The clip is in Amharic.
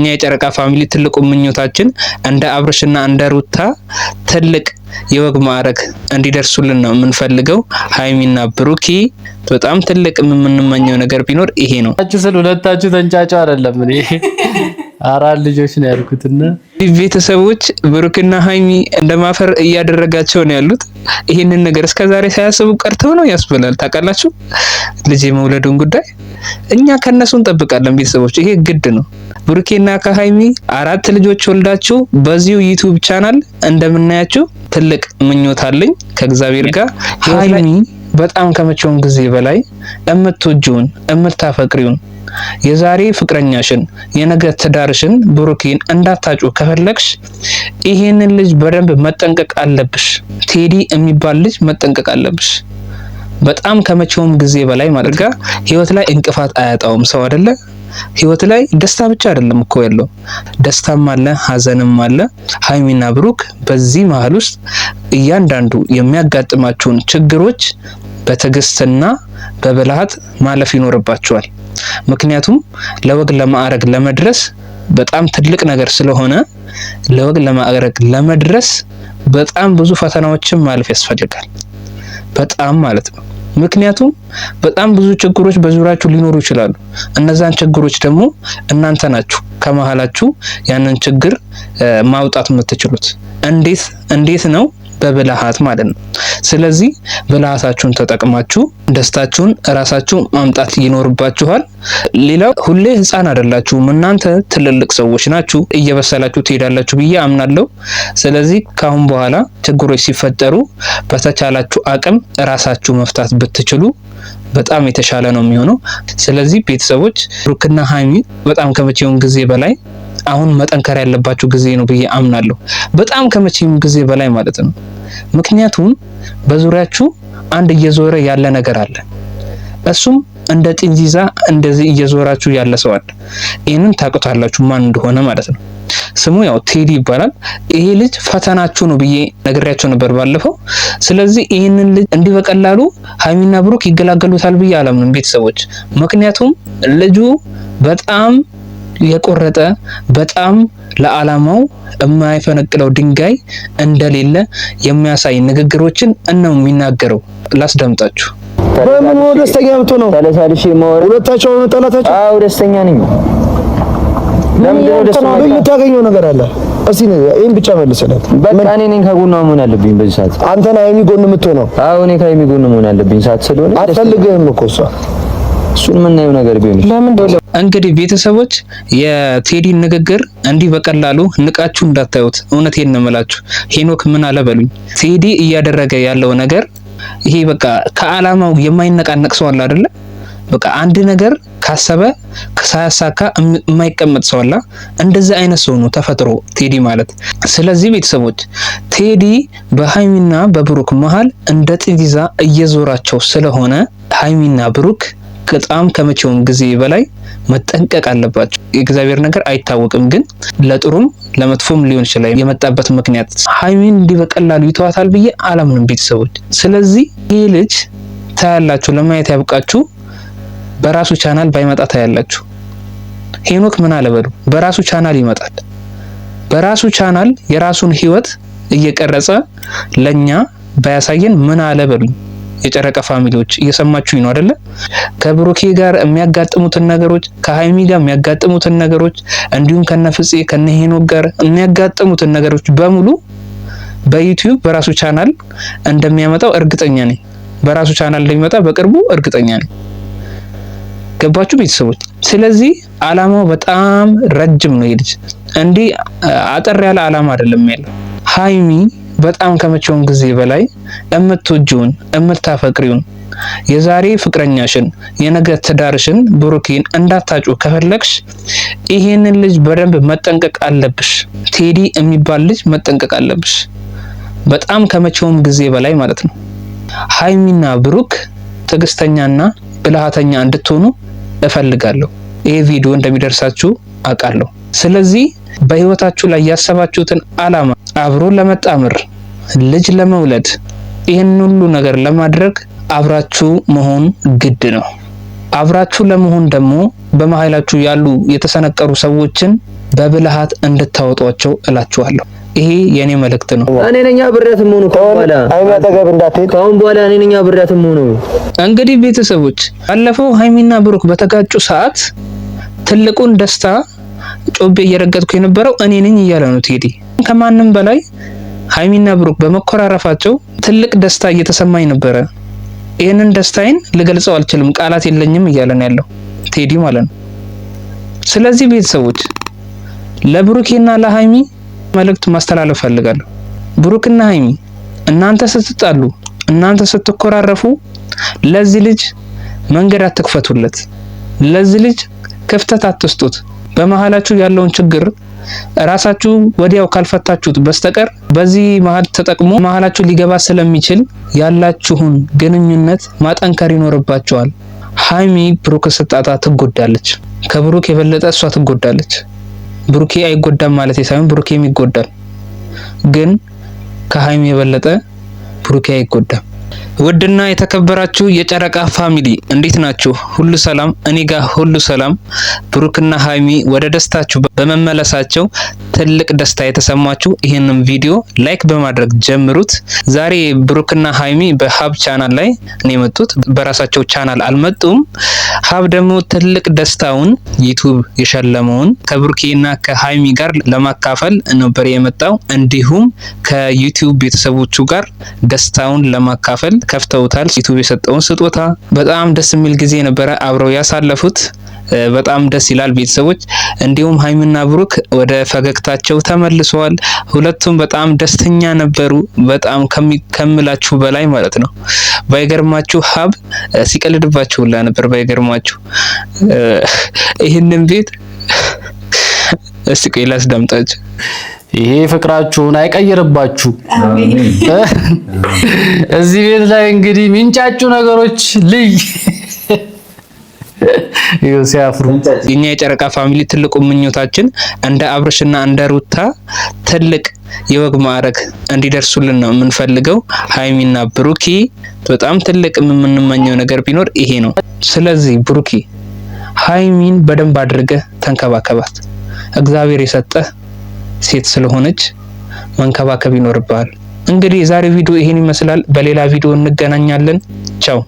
እኛ የጨረቃ ፋሚሊ ትልቁ ምኞታችን እንደ አብርሽና እንደ ሩታ ትልቅ የወግ ማዕረግ እንዲደርሱልን ነው የምንፈልገው። ሀይሚና ብሩኪ በጣም ትልቅ የምንመኘው ነገር ቢኖር ይሄ ነው። ሁለታችሁ ተንጫጫው አይደለም አራት ልጆች ነው ያልኩትና ቤተሰቦች ብሩክና ሀይሚ እንደማፈር እያደረጋቸው ነው ያሉት። ይህንን ነገር እስከዛሬ ሳያስቡ ቀርተው ነው ያስብላል። ታውቃላችሁ ልጅ የመውለዱን ጉዳይ እኛ ከነሱ እንጠብቃለን። ቤተሰቦች ይሄ ግድ ነው። ብሩኬና ከሀይሚ አራት ልጆች ወልዳችሁ በዚሁ ዩቲዩብ ቻናል እንደምናያችሁ ትልቅ ምኞት አለኝ ከእግዚአብሔር ጋር ሀይሚ በጣም ከመቼውም ጊዜ በላይ እምትወጂውን እምታፈቅሪውን የዛሬ ፍቅረኛሽን የነገ ትዳርሽን ብሩኬን እንዳታጩ ከፈለግሽ ይሄንን ልጅ በደንብ መጠንቀቅ አለብሽ። ቴዲ የሚባል ልጅ መጠንቀቅ አለብሽ። በጣም ከመቼውም ጊዜ በላይ ማድረጋ ህይወት ላይ እንቅፋት አያጣውም ሰው አይደለ? ህይወት ላይ ደስታ ብቻ አይደለም እኮ ያለው ደስታም አለ፣ ሀዘንም አለ። ሀይሚና ብሩክ በዚህ መሀል ውስጥ እያንዳንዱ የሚያጋጥማቸውን ችግሮች በትዕግስትና በብልሃት ማለፍ ይኖርባቸዋል። ምክንያቱም ለወግ ለማዕረግ ለመድረስ በጣም ትልቅ ነገር ስለሆነ ለወግ ለማዕረግ ለመድረስ በጣም ብዙ ፈተናዎችን ማለፍ ያስፈልጋል። በጣም ማለት ነው። ምክንያቱም በጣም ብዙ ችግሮች በዙሪያችሁ ሊኖሩ ይችላሉ። እነዛን ችግሮች ደግሞ እናንተ ናችሁ ከመሀላችሁ ያንን ችግር ማውጣት የምትችሉት። እንዴት እንዴት ነው በብልሃት ማለት ነው። ስለዚህ ብልሃታችሁን ተጠቅማችሁ ደስታችሁን እራሳችሁ ማምጣት ይኖርባችኋል። ሌላው ሁሌ ህፃን አይደላችሁም፣ እናንተ ትልልቅ ሰዎች ናችሁ፣ እየበሰላችሁ ትሄዳላችሁ ብዬ አምናለሁ። ስለዚህ ከአሁን በኋላ ችግሮች ሲፈጠሩ በተቻላችሁ አቅም እራሳችሁ መፍታት ብትችሉ በጣም የተሻለ ነው የሚሆነው። ስለዚህ ቤተሰቦች ብሩክና ሀይሚ በጣም ከመቼውን ጊዜ በላይ አሁን መጠንከር ያለባቸው ጊዜ ነው ብዬ አምናለሁ። በጣም ከመቼም ጊዜ በላይ ማለት ነው። ምክንያቱም በዙሪያችሁ አንድ እየዞረ ያለ ነገር አለ። እሱም እንደ ጥንዚዛ እንደዚህ እየዞራችሁ ያለ ሰው አለ። ይህንን ታውቁታላችሁ ማን እንደሆነ ማለት ነው። ስሙ ያው ቴዲ ይባላል። ይሄ ልጅ ፈተናችሁ ነው ብዬ ነግሬያቸው ነበር ባለፈው። ስለዚህ ይህንን ልጅ እንዲህ በቀላሉ ሀይሚና ብሩክ ይገላገሉታል ብዬ አላምንም ቤተሰቦች። ምክንያቱም ልጁ በጣም የቆረጠ በጣም ለዓላማው የማይፈነቅለው ድንጋይ እንደሌለ የሚያሳይ ንግግሮችን እነው የሚናገረው። ላስደምጣችሁ። በምን ደስተኛ ሞር ሁለታቸው ጠላታቸው? አዎ ደስተኛ ነኝ። የምታገኘው ነገር አለ። እስቲ ይሄን ብቻ መልስለት። በቃ እኔ ነኝ ከጎኗ መሆን አለብኝ በዚህ ሰዓት። አንተ ነህ ሀይሚ ጎን የምትሆነው? አዎ እኔ ከሀይሚ ጎን መሆን አለብኝ ሰዓት ስለሆነ። አትፈልግህም እኮ እሷ እሱን የምናየው ነገር ቢሆን እንግዲህ ቤተሰቦች የቴዲን ንግግር እንዲህ በቀላሉ ንቃችሁ እንዳታዩት፣ እውነቴን ነው ሄኖክ ምን በሉኝ፣ ቴዲ እያደረገ ያለው ነገር ይሄ በቃ ከአላማው የማይነቃነቅ ሰው አለ አይደለ? በቃ አንድ ነገር ካሰበ ሳያሳካ የማይቀመጥ ሰው አለ። እንደዚህ አይነት ሰው ነው ተፈጥሮ ቴዲ ማለት። ስለዚህ ቤተሰቦች ቴዲ በሀይሚና በብሩክ መሀል እንደ ጥጊዛ እየዞራቸው ስለሆነ ሀይሚና ብሩክ በጣም ከመቼውም ጊዜ በላይ መጠንቀቅ አለባቸው። የእግዚአብሔር ነገር አይታወቅም፣ ግን ለጥሩም ለመጥፎም ሊሆን ይችላል። የመጣበት ምክንያት ሀይሚን እንዲህ በቀላሉ ይተዋታል ብዬ አላምንም ቤተሰቦች። ስለዚህ ይህ ልጅ ታያላችሁ፣ ለማየት ያብቃችሁ። በራሱ ቻናል ባይመጣ ታያላችሁ። ሄኖክ ምን አለበሉ፣ በራሱ ቻናል ይመጣል። በራሱ ቻናል የራሱን ህይወት እየቀረጸ ለኛ ባያሳየን ምን አለበሉኝ። የጨረቀ ፋሚሊዎች እየሰማችሁኝ ነው አይደለ? ከብሩኬ ጋር የሚያጋጥሙትን ነገሮች፣ ከሀይሚ ጋር የሚያጋጥሙትን ነገሮች እንዲሁም ከነፍጼ ከነሄኖክ ጋር የሚያጋጥሙትን ነገሮች በሙሉ በዩቲዩብ በራሱ ቻናል እንደሚያመጣው እርግጠኛ ነኝ። በራሱ ቻናል እንደሚመጣ በቅርቡ እርግጠኛ ነኝ። ገባችሁ ቤተሰቦች? ስለዚህ አላማው በጣም ረጅም ነው። ይሄ ልጅ እንዲህ አጠር ያለ አላማ አይደለም ያለው ሀይሚ በጣም ከመቼውም ጊዜ በላይ እምትወጂውን እምታፈቅሪውን የዛሬ ፍቅረኛሽን የነገ ትዳርሽን ብሩኬን እንዳታጩ ከፈለግሽ ይሄንን ልጅ በደንብ መጠንቀቅ አለብሽ። ቴዲ የሚባል ልጅ መጠንቀቅ አለብሽ፣ በጣም ከመቼውም ጊዜ በላይ ማለት ነው። ሀይሚና ብሩክ ትዕግስተኛና ብልሃተኛ እንድትሆኑ እፈልጋለሁ። ይሄ ቪዲዮ እንደሚደርሳችሁ አውቃለሁ። ስለዚህ በህይወታችሁ ላይ ያሰባችሁትን አላማ አብሮ ለመጣመር ልጅ ለመውለድ ይህን ሁሉ ነገር ለማድረግ አብራችሁ መሆን ግድ ነው። አብራችሁ ለመሆን ደግሞ በመሀላችሁ ያሉ የተሰነቀሩ ሰዎችን በብልሃት እንድታወጧቸው እላችኋለሁ። ይሄ የኔ መልእክት ነው። እኔ ነኝ አብሬያት የምሆነው ከአሁን በኋላ በኋላ እኔ ነኝ አብሬያት የምሆነው። እንግዲህ ቤተሰቦች ባለፈው ሃይሚና ብሩክ በተጋጩ ሰዓት ትልቁን ደስታ ጮቤ እየረገጥኩ የነበረው እኔ ነኝ እያለ ነው ቴዲ። ከማንም በላይ ሀይሚና ብሩክ በመኮራረፋቸው ትልቅ ደስታ እየተሰማኝ ነበረ። ይህንን ደስታዬን ልገልጸው አልችልም፣ ቃላት የለኝም እያለ ነው ያለው ቴዲ ማለት ነው። ስለዚህ ቤተሰቦች ለብሩኬና ለሀይሚ መልእክት ማስተላለፍ ፈልጋለሁ። ብሩክና ሀይሚ እናንተ ስትጣሉ፣ እናንተ ስትኮራረፉ ለዚህ ልጅ መንገድ አትክፈቱለት፣ ለዚህ ልጅ ክፍተት አትስጡት። በመሃላችሁ ያለውን ችግር ራሳችሁ ወዲያው ካልፈታችሁት በስተቀር በዚህ መሀል ተጠቅሞ መሀላችሁ ሊገባ ስለሚችል ያላችሁን ግንኙነት ማጠንከር ይኖርባችኋል። ሀይሚ ብሩክ ስጣጣ ትጎዳለች። ከብሩክ የበለጠ እሷ ትጎዳለች። ብሩኬ አይጎዳም ማለት ሳይሆን ብሩኬም ይጎዳል፣ ግን ከሀይሚ የበለጠ ብሩኬ አይጎዳም። ውድና የተከበራችሁ የጨረቃ ፋሚሊ እንዴት ናችሁ? ሁሉ ሰላም? እኔ ጋር ሁሉ ሰላም። ብሩክና ሀይሚ ወደ ደስታችሁ በመመለሳቸው ትልቅ ደስታ የተሰማችሁ ይህንን ቪዲዮ ላይክ በማድረግ ጀምሩት። ዛሬ ብሩክና ሀይሚ በሀብ ቻናል ላይ ነው የመጡት። በራሳቸው ቻናል አልመጡም። ሀብ ደግሞ ትልቅ ደስታውን ዩቱብ የሸለመውን ከብሩኬና ከሀይሚ ጋር ለማካፈል ነበር የመጣው። እንዲሁም ከዩቲዩብ ቤተሰቦቹ ጋር ደስታውን ለማካፈል ከፍተውታል። ዩቱብ የሰጠውን ስጦታ በጣም ደስ የሚል ጊዜ ነበረ አብረው ያሳለፉት። በጣም ደስ ይላል ቤተሰቦች። እንዲሁም ሀይሚና ብሩክ ወደ ፈገግታቸው ተመልሰዋል። ሁለቱም በጣም ደስተኛ ነበሩ፣ በጣም ከምላችሁ በላይ ማለት ነው። ባይገርማችሁ ሀብ ሲቀልድባችሁላ ነበር። ባይገርማችሁ ይህንን ቤት እስቲ ቆይ ላስዳምጣችሁ። ይሄ ፍቅራችሁን አይቀይርባችሁ። እዚህ ቤት ላይ እንግዲህ ሚንጫጩ ነገሮች ልይ ሲያፍሩ የኛ የጨረቃ ፋሚሊ ትልቁ ምኞታችን እንደ አብርሽና እንደ ሩታ ትልቅ የወግ ማዕረግ እንዲደርሱልን ነው የምንፈልገው። ሀይሚና ብሩኪ በጣም ትልቅ የምንመኘው ነገር ቢኖር ይሄ ነው። ስለዚህ ብሩኪ ሀይሚን በደንብ አድርገ ተንከባከባት። እግዚአብሔር የሰጠህ ሴት ስለሆነች መንከባከብ ይኖርብሃል። እንግዲህ የዛሬ ቪዲዮ ይሄን ይመስላል። በሌላ ቪዲዮ እንገናኛለን። ቻው